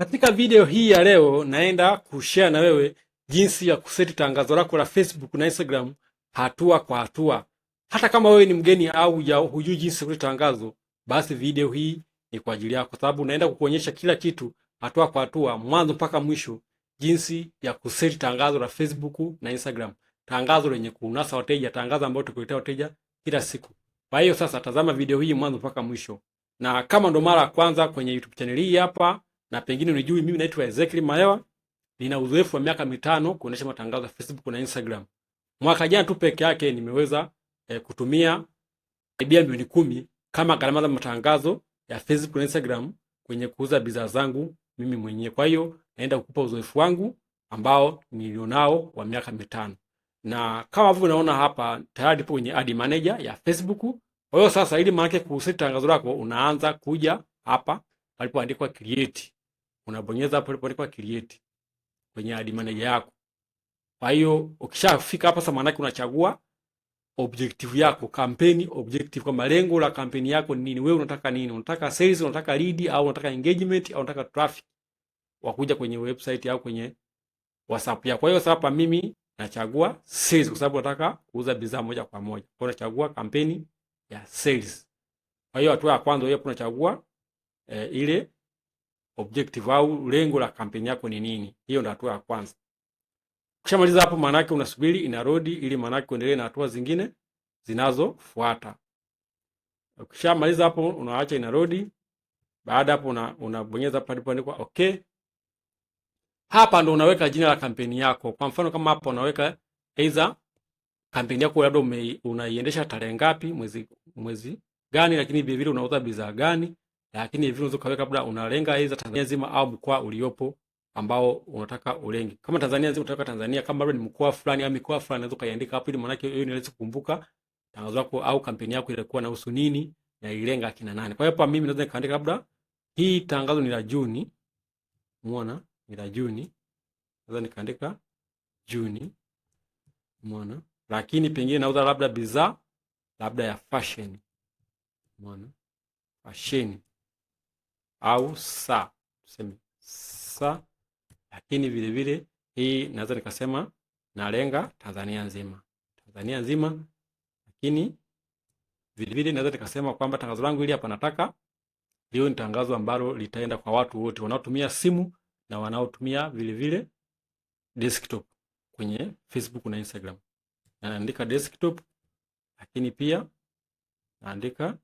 Katika video hii ya leo naenda kushare na wewe jinsi ya kuseti tangazo lako la Facebook na Instagram hatua kwa hatua. Hata kama wewe ni mgeni au ya hujui jinsi ya tangazo, basi video hii ni kwa ajili yako, sababu naenda kukuonyesha kila kitu hatua kwa hatua, mwanzo mpaka mwisho, jinsi ya kuseti tangazo la Facebook na Instagram, tangazo lenye kunasa wateja, tangazo ambalo tukuletea wateja kila siku. Kwa hiyo sasa, tazama video hii mwanzo mpaka mwisho, na kama ndo mara ya kwanza kwenye YouTube channel hii hapa na pengine unijui, mimi naitwa Ezekiel Mahewa, nina uzoefu wa miaka mitano kuonesha matangazo ya Facebook na Instagram. Mwaka jana tu peke yake nimeweza eh, kutumia karibia milioni kumi kama gharama za matangazo ya Facebook na Instagram kwenye kuuza bidhaa zangu mimi mwenyewe. Kwa hiyo naenda kukupa uzoefu wangu ambao nilionao wa miaka mitano, na kama vile unaona hapa tayari ipo kwenye ad manager ya Facebook. Kwa hiyo sasa, ili maana yake kuhusu tangazo lako, unaanza kuja hapa palipoandikwa create unabonyeza hapo ilipoandikwa create kwenye ad manager yako. Kwa hiyo ukishafika hapa sasa, maana unachagua objective yako, campaign objective, kwamba lengo la kampeni yako ni nini. Wewe unataka nini? Unataka sales, unataka lead, au unataka engagement, au unataka traffic wakuja kwenye website au kwenye WhatsApp yako. Kwa hiyo sasa hapa mimi nachagua sales kwa sababu nataka kuuza bidhaa moja kwa moja. Kwa hiyo nachagua kampeni ya sales. Kwa hiyo hatua ya kwanza hiyo unachagua eh, ile objective au lengo la kampeni yako ni nini. Hiyo ndio hatua ya kwanza. Ukishamaliza hapo, maanake unasubiri inarodi ili maanake uendelee na hatua zingine zinazofuata. Ukishamaliza hapo, unaacha inarodi. Baada hapo, unabonyeza una palipoandikwa okay. Hapa ndo unaweka jina la kampeni yako. Kwa mfano kama hapa unaweka aidha kampeni yako labda unaiendesha tarehe ngapi, mwezi mwezi gani, lakini vilevile unauza bidhaa gani lakini hivi unaweza ukaweka labda unalenga hizo Tanzania nzima au mkoa uliopo ambao unataka ulenge. Kama Tanzania nzima unataka Tanzania, kama labda ni mkoa fulani au mikoa fulani, unaweza ukaiandika hapo, ili maanake hiyo inaweza kukumbuka tangazo lako au kampeni yako ilikuwa na husu nini na ilenga akina nani. Kwa hiyo hapa mimi naweza nikaandika labda hii tangazo ni la Juni, umeona ni la Juni, naweza nikaandika Juni, umeona. Lakini pengine nauza labda bidhaa labda ya fashion, umeona fashion au sa, tuseme sa, lakini vilevile hii naweza nikasema nalenga Tanzania nzima, Tanzania nzima. Lakini vilevile naweza nikasema kwamba tangazo langu hili hapa nataka liwe ni tangazo ambalo litaenda kwa watu wote wanaotumia simu na wanaotumia vilevile desktop kwenye Facebook na Instagram. naandika desktop, lakini pia naandika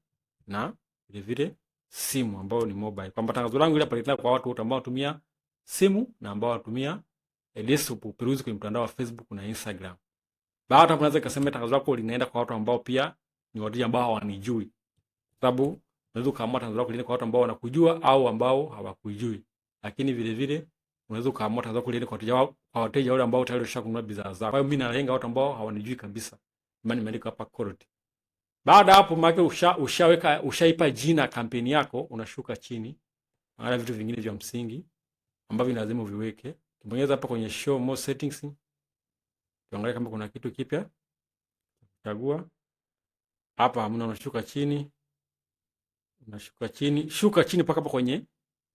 na vilevile simu ambayo ni mobile, kwamba tangazo langu ile pale kwa watu wote ambao watumia simu na ambao watumia eh, desktop, peruzi kwenye mtandao wa Facebook na Instagram. Baada hapo, naweza kusema tangazo lako linaenda kwa watu ambao pia ni wateja ambao hawanijui, sababu unaweza ukaamua tangazo lako linaenda kwa watu ambao wanakujua au ambao hawakujui, lakini vile vile unaweza ukaamua tangazo lako linaenda kwa wateja wao, kwa wateja wale ambao tayari washakununua bidhaa zako. Kwa hiyo mimi nalenga watu ambao hawanijui kabisa, Mimi nimeandika hapa quality baada ya hapo maana usha, ushaweka ushaipa jina kampeni yako, unashuka chini, angalia vitu vingine vya msingi ambavyo lazima uviweke. Bonyeza hapa kwenye show more settings, tuangalie kama kuna kitu kipya. Chagua hapa, hamna. Unashuka chini, unashuka chini, shuka chini mpaka hapa kwenye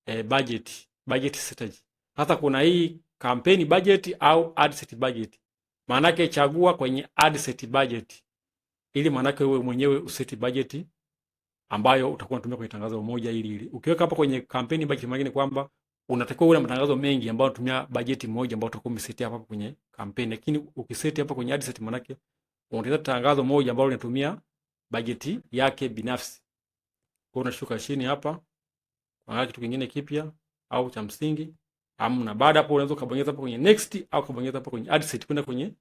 eh, budget budget strategy. Hata kuna hii campaign budget au ad set budget, maana chagua kwenye ad set budget ili maanake wewe mwenyewe useti bajeti ambayo utakuwa unatumia kwenye tangazo moja ili ili. Ukiweka hapa kwenye kampeni budget nyingine kwamba unatakiwa uwe na matangazo mengi ambayo unatumia bajeti moja ambayo utakuwa umeseti hapa kwenye kampeni, lakini ukiseti hapa kwenye ad set maanake unatengeneza tangazo moja ambalo linatumia bajeti yake binafsi. Kwa unashuka chini hapa, angalia kitu kingine kipya au cha msingi amna. Baada hapo unaweza kubonyeza hapo kwenye next au kubonyeza hapo kwenye ad set kwenda kwenye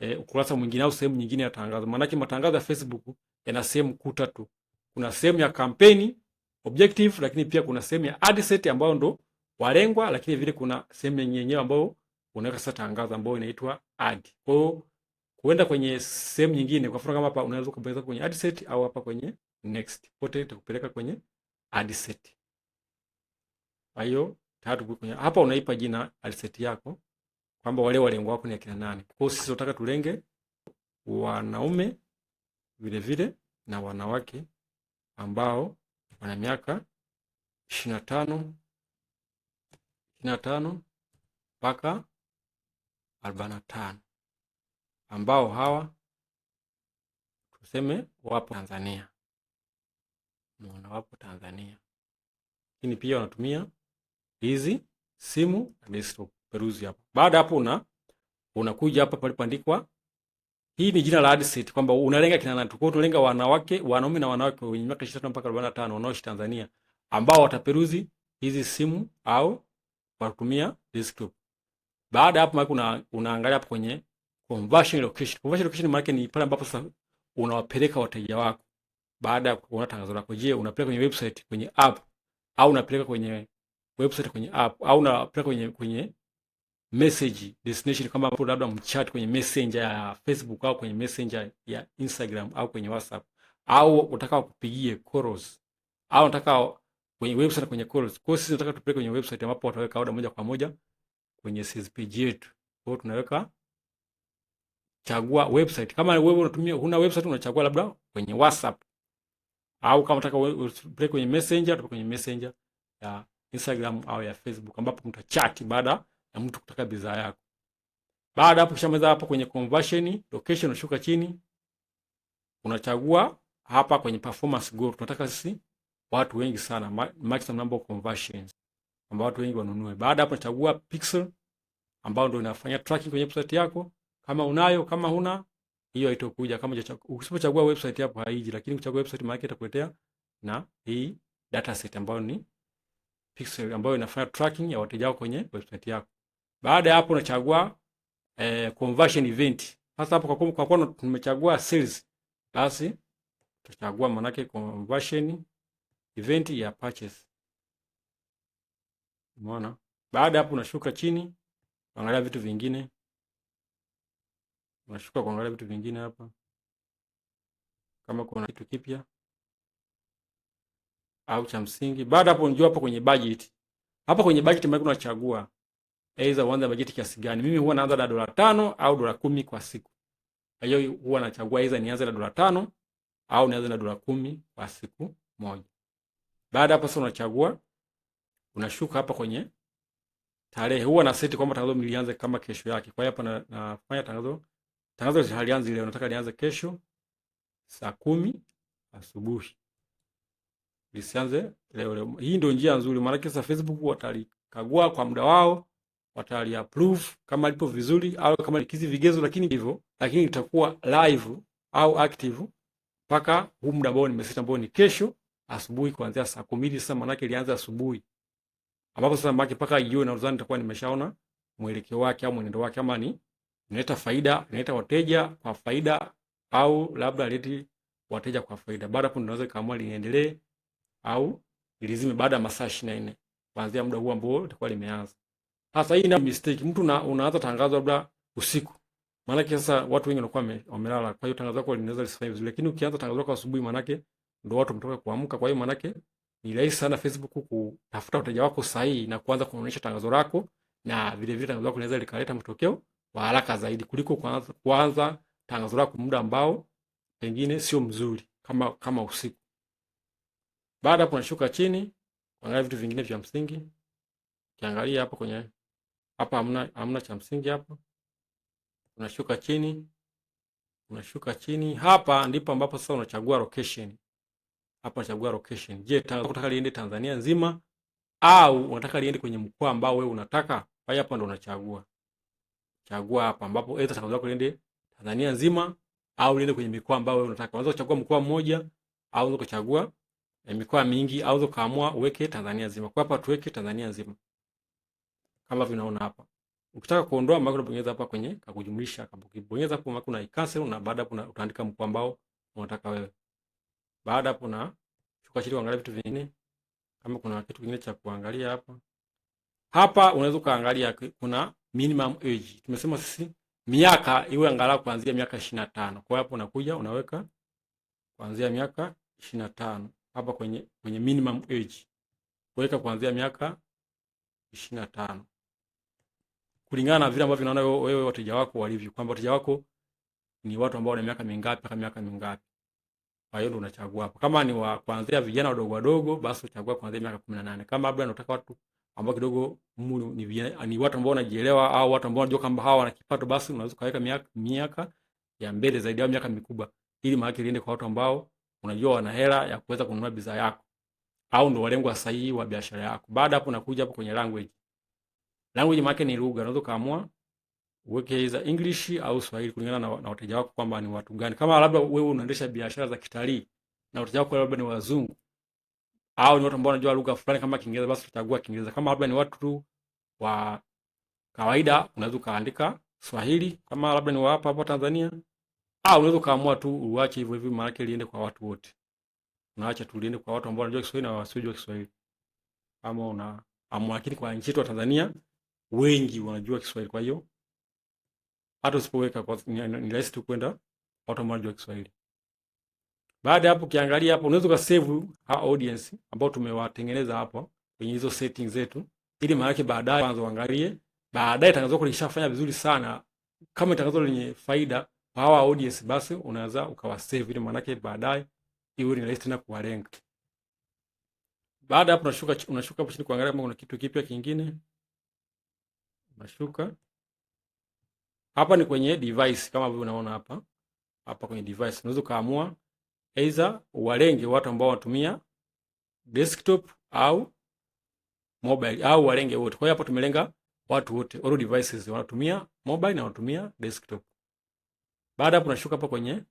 e, ukurasa mwingine au sehemu nyingine ya tangazo. Maanake matangazo ya Facebook yana sehemu kuu tatu. Kuna sehemu ya kampeni objective, lakini pia kuna sehemu ya ad set ambayo ndo walengwa, lakini vile kuna sehemu yenyewe ambayo unaweka sasa tangazo ambayo inaitwa ad. Kwa hiyo kuenda kwenye sehemu nyingine, kwa mfano kama hapa, unaweza kubonyeza kwenye ad set au hapa kwenye next, pote itakupeleka kwenye ad set. Kwa hiyo tatu kwenye hapa unaipa jina ad set yako kwamba wale walengo wako ni akina nani. Kwa hiyo sisi tunataka tulenge wanaume vilevile vile, na wanawake ambao wana miaka ishirini na tano ishirini na tano mpaka arobaini na tano ambao hawa tuseme wapo Tanzania, mona wapo Tanzania, lakini pia wanatumia hizi simu na desktop peruzi hapo. Baada hapo una unakuja hapa palipoandikwa, hii ni jina la adset kwamba unalenga kina nani? Kwa tunalenga wanawake, wanaume na wanawake wenye miaka 23 mpaka 45 wanaoishi Tanzania ambao wataperuzi hizi simu au watumia desktop. Baada hapo maana unaangalia hapo kwenye conversion location. Conversion location maana ni pale ambapo sasa unawapeleka wateja wako baada ya kuona tangazo lako. Je, unapeleka kwenye website, kwenye app au unapeleka kwenye website, kwenye app au unapeleka kwenye kwenye message destination kama hapo labda mchat kwenye messenger ya Facebook au kwenye messenger ya Instagram au kwenye WhatsApp au unataka wakupigie calls au unataka kwenye website kwenye calls. Kwa hiyo sisi tunataka tupeleke kwenye website ambapo wataweka oda moja kwa moja kwenye sales page yetu. Kwa hiyo tunaweka chagua website. Kama wewe unatumia huna website, unachagua labda kwenye WhatsApp au kama unataka tupeleke kwenye messenger, tupeleke kwenye messenger ya Instagram au ya Facebook ambapo mtachat baada na mtu kutaka bidhaa yako. Baada hapo, kishamaliza hapo kwenye conversion location, unashuka chini, unachagua hapa kwenye performance goal. Tunataka sisi watu wengi sana, maximum number of conversions, ambao watu wengi wanunue. Baada hapo, unachagua pixel ambao ndio inafanya tracking kwenye website yako, kama unayo. Kama huna hiyo haitokuja. Kama usipochagua website hapo haiji, lakini ukichagua website maana itakuletea na hii dataset ambayo ni pixel ambayo inafanya tracking ya wateja wako kwenye website yako. Baada ya hapo unachagua eh, conversion event. Sasa hapo kwa kwa kwa tumechagua sales, basi tutachagua manake conversion event ya purchase. Umeona? Baada ya hapo unashuka chini, angalia vitu vingine. Unashuka kuangalia vitu vingine hapa, kama kuna kitu kipya au cha msingi. Baada hapo unajua hapo kwenye budget, hapa kwenye budget maana unachagua aidha uanze bajeti kiasi gani. Mimi huwa naanza na dola tano au dola kumi kwa siku. Kwa hiyo huwa nachagua aidha nianze na dola tano au nianze na dola kumi kwa siku moja. Baada hapo sasa unachagua unashuka hapa kwenye tarehe. Huwa na seti kwamba tangazo milianze kama kesho yake. Kwa hiyo hapa na, nafanya tangazo tangazo halianzi leo, nataka lianze kesho saa kumi asubuhi lisianze leo leo. Hii ndio njia nzuri, maana kesa Facebook watalikagua kwa muda wao watali approve kama lipo vizuri au kama likizi vigezo, lakini hivyo lakini itakuwa live au active mpaka huu muda ambao nimesita ambao ni kesho asubuhi kuanzia saa kumi. hili Sasa maana ilianza asubuhi, ambapo sasa maana mpaka jioni na uzani nitakuwa nimeshaona mwelekeo wake au mwenendo wake, ama ni inaleta faida, inaleta wateja kwa faida au labda leti wateja kwa faida. Baada hapo tunaweza kaamua linaendelee au lilizime baada ya masaa 24 kuanzia muda huu ambao litakuwa limeanza. Hasa hii ni mistake. Mtu na unaanza tangazo labda usiku. Maana sasa watu wengi wanakuwa wamelala. Kwa hiyo tangazo lako linaweza lisifanye vizuri. Lakini ukianza tangazo lako asubuhi maana yake ndio watu wametoka kuamka. Kwa hiyo maana ni rahisi sana Facebook kutafuta wateja wako sahihi na kuanza kuonyesha tangazo lako na vile vile tangazo lako linaweza likaleta matokeo kwa haraka zaidi kuliko kuanza, kuanza tangazo lako muda ambao pengine sio mzuri kama kama usiku. Baada hapo, unashuka chini kuangalia vitu vingine vya msingi. Ukiangalia hapo kwenye hapa hamna, hamna cha msingi hapa. Unashuka chini, unashuka chini, hapa ndipo ambapo sasa unachagua location. Hapa unachagua location. Je, unataka liende Tanzania nzima au unataka liende kwenye mkoa ambao wewe unataka? Kwa hiyo hapa ndo unachagua chagua hapa, ambapo aidha tangazo lako liende Tanzania nzima au liende kwenye mikoa ambayo wewe unataka. Unaweza kuchagua mkoa mmoja au unaweza kuchagua eh, mikoa mingi au unaweza ukaamua uweke Tanzania nzima. Kwa hapa tuweke Tanzania nzima kama vinaona hapa. Ukitaka kuondoa maana unabonyeza hapa kwenye kujumlisha, kabonyeza hapo maana kuna cancel, na baada hapo utaandika mkuu ambao unataka wewe. Baada hapo na shuka chini kuangalia vitu vingine, kama kuna kitu kingine cha kuangalia hapa. Hapa unaweza kaangalia kuna minimum age. Tumesema sisi miaka iwe angalau kuanzia miaka 25. Kwa hiyo hapo unakuja unaweka kuanzia miaka 25 hapa kwenye kwenye minimum age. Kuweka kuanzia miaka 25 kulingana na vile ambavyo unaona wewe wateja wako walivyo, kwamba wateja wako ni watu ambao wana miaka mingapi mpaka miaka mingapi. Kwa hiyo ndio unachagua hapo. Kama ni wa kuanzia vijana wadogo wadogo, basi uchagua kuanzia miaka 18. Kama labda unataka watu ambao kidogo ni, vijana, ni watu ambao wanajielewa au watu ambao wanajua kwamba hawa wana kipato, basi unaweza kaweka miaka, miaka ya mbele zaidi au miaka mikubwa, ili maana iende kwa watu ambao unajua wana hela ya kuweza kununua bidhaa yako au ndio walengwa sahihi wa biashara yako. Baada hapo, nakuja hapo kwenye language Language maana ni lugha, unaweza kaamua uweke za English au Swahili kulingana na, na wateja wako kwamba ni watu gani. Kama labda wewe unaendesha biashara za kitalii na wateja wako labda ni wazungu au ni watu ambao wanajua lugha fulani kama Kiingereza, basi utachagua Kiingereza. Kama labda ni watu wa kawaida, unaweza kaandika Swahili kama labda ni wapa hapa Tanzania, au unaweza kaamua tu uache hivyo hivyo, maana liende kwa watu wote. Unaacha tu liende kwa watu ambao wanajua Kiswahili na wasiojua Kiswahili, kama una amua, lakini kwa nchi yetu ya Tanzania wengi wanajua Kiswahili, kwa hiyo hata usipoweka ni rahisi tu kwenda watu ambao wanajua Kiswahili. Baada ya hapo, ukiangalia hapo, unaweza ukasave audience ambao tumewatengeneza hapo kwenye hizo settings zetu, ili maana yake baadaye kwanza uangalie, baadaye tangazo lako lishafanya vizuri sana, kama tangazo lenye faida kwa hawa audience, basi unaweza ukawasave, ili maana yake baadaye iwe ni rahisi tena kuwalenga. Baada hapo, unashuka unashuka hapo chini kuangalia kama kuna kitu kipya kingine. Nashuka hapa, ni kwenye device kama vile unaona hapa hapa kwenye device. Unaweza ukaamua aidha walenge watu ambao wanatumia desktop au mobile au walenge wote. Kwa hiyo hapa tumelenga watu wote, all devices wanatumia mobile na wanatumia desktop. Baada hapo unashuka hapa kwenye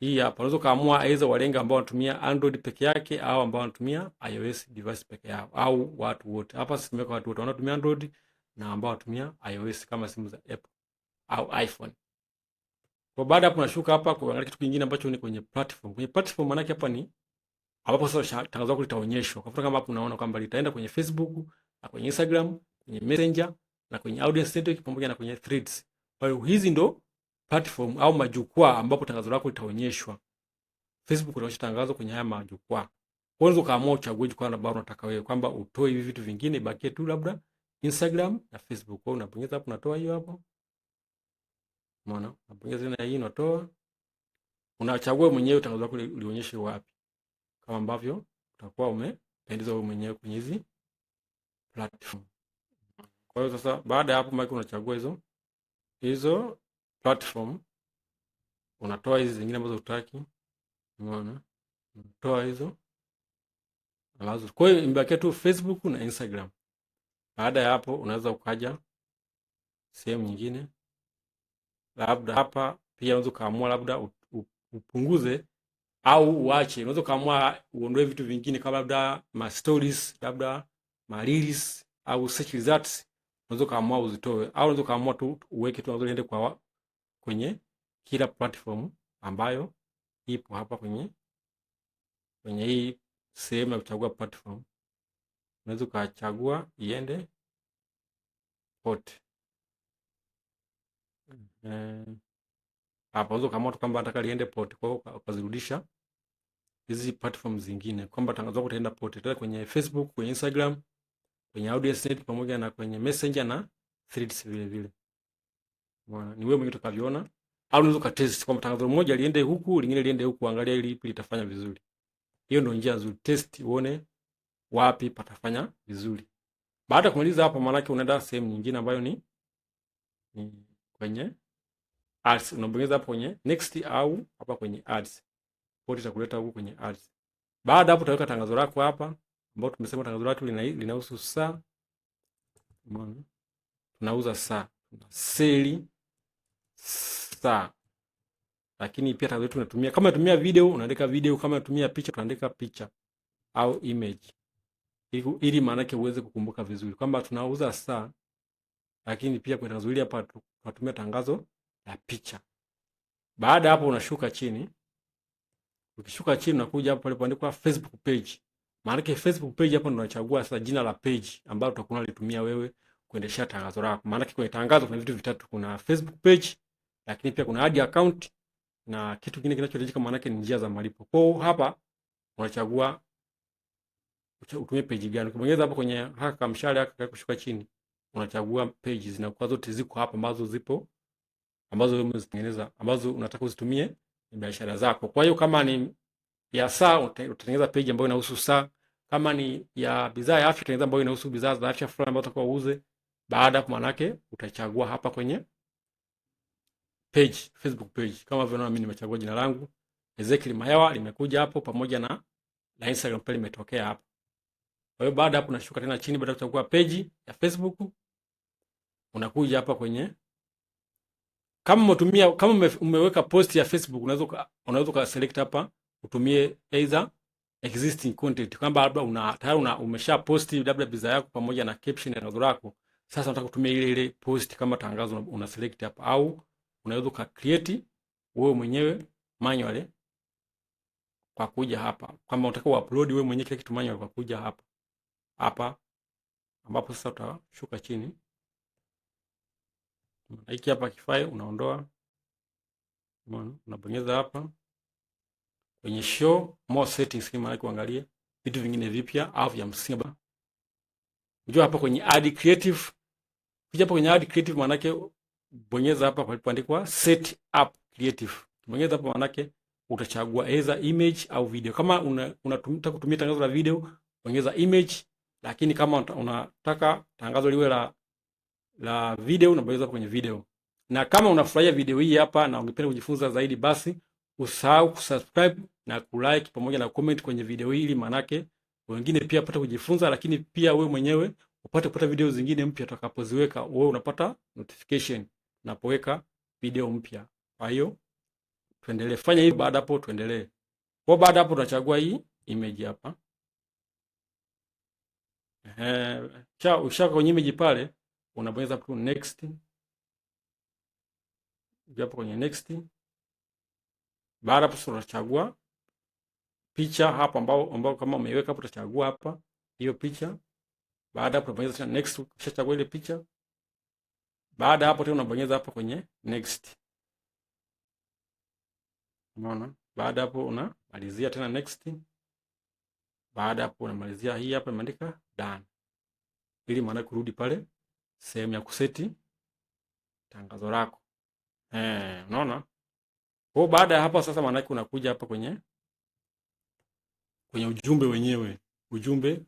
hii hapa, unaweza kaamua aidha walenge ambao wanatumia Android peke yake au ambao wanatumia iOS device peke yao au watu wote. Hapa sisi tumeweka watu wote wanatumia Android na ambao watumia iOS kama simu za Apple au iPhone. Kwa baada hapo nashuka hapa kuangalia kitu kingine ambacho ni kwenye platform. Kwenye platform maana hapa ni ambapo sasa tangazo lako litaonyeshwa. Kwa mfano kama hapo unaona kwamba litaenda kwenye Facebook na kwenye Instagram, kwenye Messenger na kwenye Audience Network pamoja na kwenye Threads. Kwa hiyo hizi ndo platform au majukwaa ambapo tangazo lako litaonyeshwa. Facebook inaonyesha tangazo kwenye haya majukwaa. Kwa hiyo ukaamua uchague jukwaa ambalo unataka wewe kwamba utoe hivi vitu vingine, ibakie tu labda Instagram na Facebook. Kwa unabonyeza hapo unatoa hiyo hapo. Umeona? Unabonyeza na hii unatoa. Unachagua mwenyewe tangazo lako lionyeshe wapi. Kama ambavyo utakuwa umependeza wewe mwenyewe kwenye hizi platform. Kwa hiyo sasa baada ya hapo maki unachagua hizo hizo platform unatoa hizi zingine ambazo hutaki. Umeona? Unatoa hizo. Alazo. kwa hiyo imebakia tu Facebook na Instagram. Baada ya hapo, unaweza ukaja sehemu nyingine, labda hapa pia unaweza ukaamua labda upunguze au uache. Unaweza ukaamua uondoe vitu vingine kama labda ma stories, labda ma reels au search results, unaweza ukaamua uzitoe, au unaweza ukaamua tu uweke tu niende kwa kwenye kila platform ambayo ipo hapa kwenye kwenye hii sehemu ya kuchagua platform unaweza ukachagua iende port eh, hapa. Unaweza kama tu kwamba nataka liende port, kwa hiyo ukazirudisha hizi platform zingine, kwamba tangazo lako litaenda port, tena kwenye Facebook, kwenye Instagram, kwenye AudioSense pamoja na kwenye Messenger na Threads vile vile. Bwana, ni wewe mwenyewe utakavyoona, au unaweza ukatest kwamba tangazo moja liende huku, lingine liende huku, angalia ili ipi litafanya vizuri. Hiyo ndio njia nzuri, test uone wapi patafanya vizuri. Baada ya kumaliza hapo, maanake unaenda sehemu nyingine ambayo ni, ni kwenye ads. Unabonyeza hapo kwenye next au hapa kwenye ads, bot itakuleta huko kwenye ads. Baada hapo utaweka tangazo lako hapa, ambao tumesema tangazo lako linahusu saa. Umeona, tunauza saa, seli saa lakini pia tangazo letu tunatumia, kama unatumia video unaandika video, kama unatumia picha unaandika picha au image ili maanake uweze kukumbuka vizuri kwamba tunauza saa, lakini pia kwa tangazo hili hapa tunatumia tangazo la picha. Baada hapo unashuka chini, ukishuka chini unakuja hapo palipoandikwa Facebook page. Maana yake Facebook page hapo ndo unachagua sasa jina la page ambalo utakuwa unalitumia wewe kuendesha tangazo lako. Maana yake kwenye tangazo kuna vitu vitatu, kuna Facebook page, lakini pia kuna ad account na kitu kingine kinachohitajika, yake ni njia za malipo. Kwa hapa unachagua utumie page gani. Ukibonyeza hapo kwenye haka kamshale haka kushuka chini, unachagua page zinakuwa zote ziko hapa ambazo zipo ambazo wewe umezitengeneza ambazo unataka uzitumie biashara zako. Kwa hiyo kama ni ya saa utatengeneza page ambayo inahusu saa, kama ni ya bidhaa ya afya utatengeneza ambayo inahusu bidhaa za afya fulani ambazo utakuwa uuze. Baada kwa maana yake utachagua hapa kwenye page, Facebook page kama vile mimi nimechagua jina langu Ezekiel Mayawa limekuja hapo pamoja na na Instagram pale limetokea hapo. Kwa hiyo baada hapo unashuka tena chini, baada kuchagua page ya Facebook unakuja hapa kwenye kama umetumia kama umeweka post ya Facebook unaweza unaweza ka select hapa utumie either existing content, kwamba labda una tayari una umesha post labda bidhaa yako pamoja na caption ya logo lako. Sasa unataka kutumia ile ile post kama tangazo, una select hapa, au unaweza ka create wewe mwenyewe manually kwa kuja hapa, kama unataka uupload wewe mwenyewe kile kitu manually kwa kuja hapa hapa, ambapo sasa utashuka chini. Hiki hapa kifai, unaondoa unabonyeza hapa kwenye show more settings, kama maana kuangalia vitu vingine vipya au vya msingi. Unajua hapa kwenye add creative, kija hapa kwenye add creative, maana yake bonyeza hapa palipoandikwa set up creative. Bonyeza hapa, maana yake utachagua either image au video. Kama unataka una kutumia tangazo la video, bonyeza image lakini kama unataka tangazo liwe la la video unabonyeza kwenye video. Na kama unafurahia video hii hapa na ungependa kujifunza zaidi, basi usahau kusubscribe na kulike pamoja na comment kwenye video hili, manake wengine pia wapate kujifunza, lakini pia wewe mwenyewe upate kupata video zingine mpya tutakapoziweka, wewe unapata notification tunapoweka video mpya. Kwa hiyo tuendelee, fanya hivi. Baada hapo tuendelee kwa, baada hapo tunachagua hii image hapa. Ehe, ukishaka kwenye image pale unabonyeza tu next. Hapo kwenye next, baada hapo unachagua picha hapo ambao ambao kama umeiweka hapo, utachagua hapa hiyo picha. Baada hapo unabonyeza tena next, ukishachagua ile picha, baada hapo tena unabonyeza hapo kwenye next. Unaona, baada hapo unamalizia tena next. Baada hapo unamalizia hii hapa imeandika done, ili maana kurudi pale sehemu ya kuseti tangazo lako eh, unaona. Kwa baada ya hapo sasa, maana yake unakuja hapa kwenye kwenye ujumbe wenyewe, ujumbe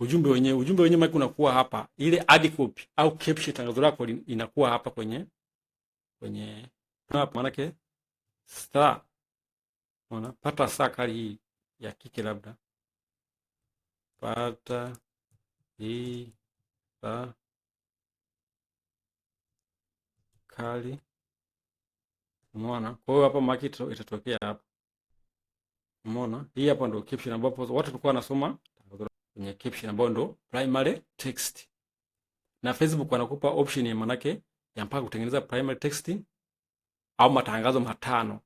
ujumbe wenyewe, ujumbe wenyewe maana unakuwa hapa, ile ad copy au caption tangazo lako inakuwa hapa kwenye kwenye hapa, maana yake star, unaona, pata saa kali hii ya kike labda pata i ta kali. Umeona, kwa hiyo hapa maki itatokea hapa. Umeona, hii hapa ndio caption ambapo watu walikuwa wanasoma kwenye caption ambayo ndio primary text, na Facebook wanakupa option ya manake ya mpaka kutengeneza primary text au matangazo matano,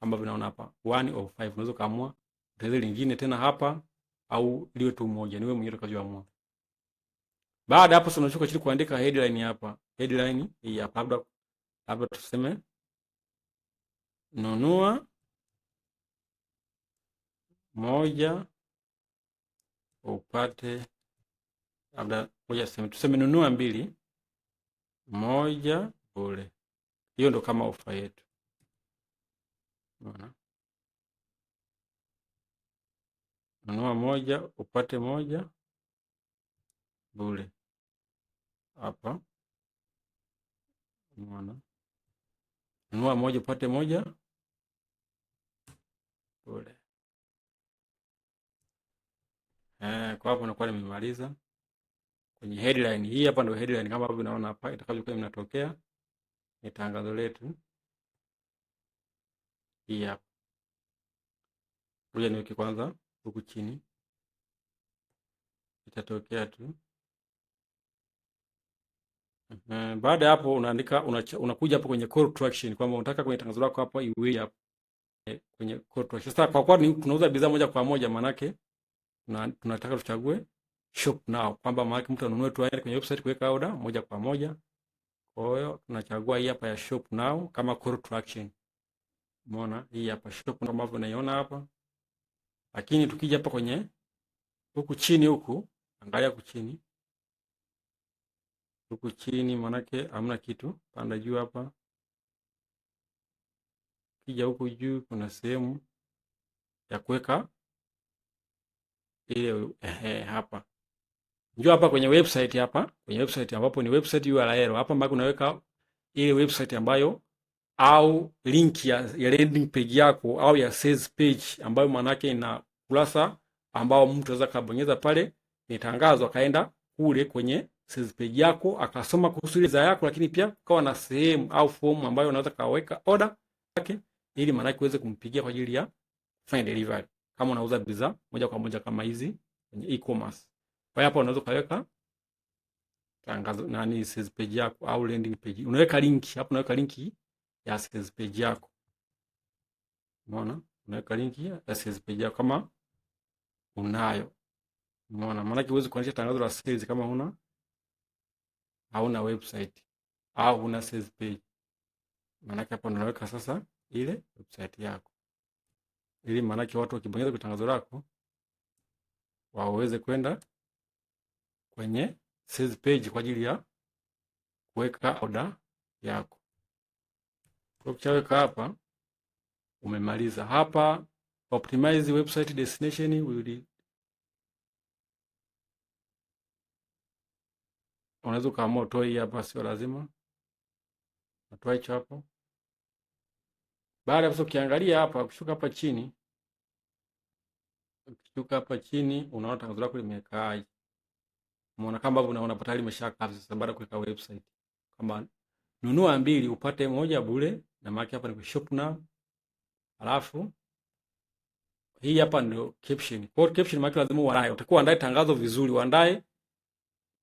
kama vinaona hapa, one of five. Unaweza kaamua utengeneze lingine tena hapa au liwe tu moja, ni wewe mwenyewe utakayoamua. Baada hapo, sasa unashuka chini kuandika headline hapa. Headline hii hapa, labda labda tuseme nunua moja upate labda moja, tuseme tuseme nunua mbili moja bure. Hiyo ndo kama ofa yetu, unaona. Nunua moja upate moja bure. Hapa umeona, nunua moja upate moja bure. Eh, kwa hapo nakuwa nimemaliza kwenye headline hii. Hapa ndio headline kama ambavyo unaona hapa, itakavyokuwa inatokea ni tangazo letu hii hapa. Kuja niweke kwanza huku chini itatokea tu. Uh, baada ya hapo unaandika unakuja hapo kwenye call to action kwamba unataka kwenye tangazo lako hapo iwe hapo eh, kwenye call to action. Sasa kwa kuwa tunauza bidhaa moja kwa moja, manake yake tunataka tuchague shop now, kwamba maana mtu anunue tu kwenye website kuweka order moja kwa moja. Kwa hiyo tunachagua hii hapa ya shop now kama call to action. Umeona hii hapa shop kama unaiona hapa. Lakini tukija hapa kwenye huku chini huku, angalia huku chini, huku chini, manake hamna kitu. Panda juu hapa, kija huku juu, kuna sehemu ya kuweka ile ehe, hapa njoo hapa kwenye website, hapa kwenye website ambapo ni website URL hapa, maana unaweka ile website ambayo au link ya, ya landing page yako au ya sales page ambayo maanake ina kurasa ambao mtu anaweza kabonyeza pale ni tangazo, akaenda kule kwenye sales page yako akasoma kuhusu za yako, lakini pia kawa na sehemu au fomu ambayo unaweza kaweka order yake ili maanake uweze kumpigia kwa ajili ya kufanya delivery kama unauza bidhaa moja kwa moja kama hizi kwenye e-commerce. Kwa hapo unaweza kaweka tangazo nani sales page yako au landing page, unaweka link hapo, unaweka linki ya sales page yako. Umeona? Unaweka link ya sales page yako kama unayo. Umeona? Maana huwezi kuanzisha tangazo la sales kama huna hauna website au una sales page. Maana hapo unaweka sasa ile website yako. Ili maana watu wakibonyeza kwa tangazo lako waweze kwenda kwenye sales page kwa ajili ya kuweka order yako. Kwa kuchaweka hapa umemaliza. Hapa optimize website destination will unaweza ukaamua utoe hapa, sio lazima natoa hicho hapo. Baada ya ukiangalia hapa, kushuka hapa chini, ukishuka hapa chini unaona tangazo lako limekaa, umeona kama unaona patali imeshakaa. Sasa baada ya kuweka website, kama nunua mbili upate moja bure na maki hapa ni kushopna, alafu hii hapa ndio caption. Kwa caption maki lazima uandae, utakuwa uandae tangazo vizuri, uandae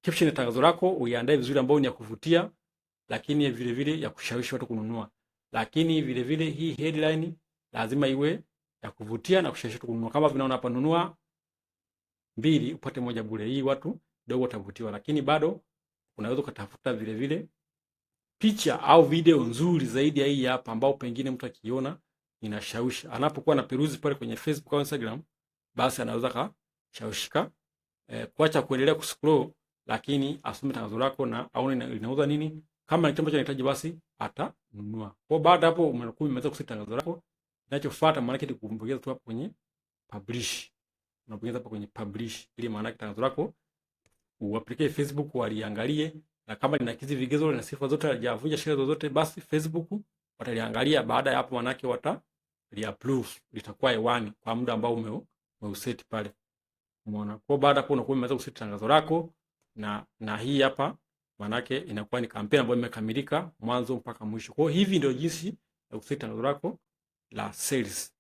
caption ya tangazo lako, uiandae vizuri ambayo ni ya kuvutia, lakini vile vile ya kushawishi watu kununua. Lakini vile vile hii headline lazima iwe ya kuvutia na kushawishi watu kununua, kama vinaona hapa, nunua mbili upate moja bure. Hii watu dogo watavutiwa, lakini bado unaweza ukatafuta vile vile picha au video nzuri zaidi ya hii hapa, ambao pengine mtu akiona inashawishi, anapokuwa na peruzi pale kwenye Facebook au Instagram, basi anaweza kashawishika eh, kuacha kuendelea kuscroll, lakini asome tangazo lako na aone linauza nini. Kama ni kitu ambacho anahitaji, basi atanunua. Kwa baada hapo, umekuwa umeweza kuseti tangazo lako, kinachofuata maana yake ni kumbonyeza tu hapo kwenye publish, unabonyeza hapo kwenye publish, ili maana yake tangazo lako uaplike Facebook waliangalie na kama linakidhi vigezo na sifa zote, halijavunja sheria zozote, basi Facebook wataliangalia. Baada ya hapo, manake wata wataliapprove, litakuwa hewani kwa muda ambao umeuseti pale. Umeona? Kwa baada hapo unakuwa umeanza kuseti tangazo lako na, na hii hapa manake inakuwa ni kampeni ambayo imekamilika mwanzo mpaka mwisho. Kwa hivi ndio jinsi ya kuseti tangazo lako la sales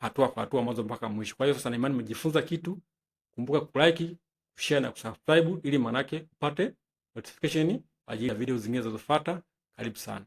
hatua kwa hatua mwanzo mpaka mwisho. Kwa hiyo sasa, na imani umejifunza kitu. Kumbuka kulike, share na kusubscribe ili manake upate notification kwa ajili ya video zingine zinazofuata. Karibu sana.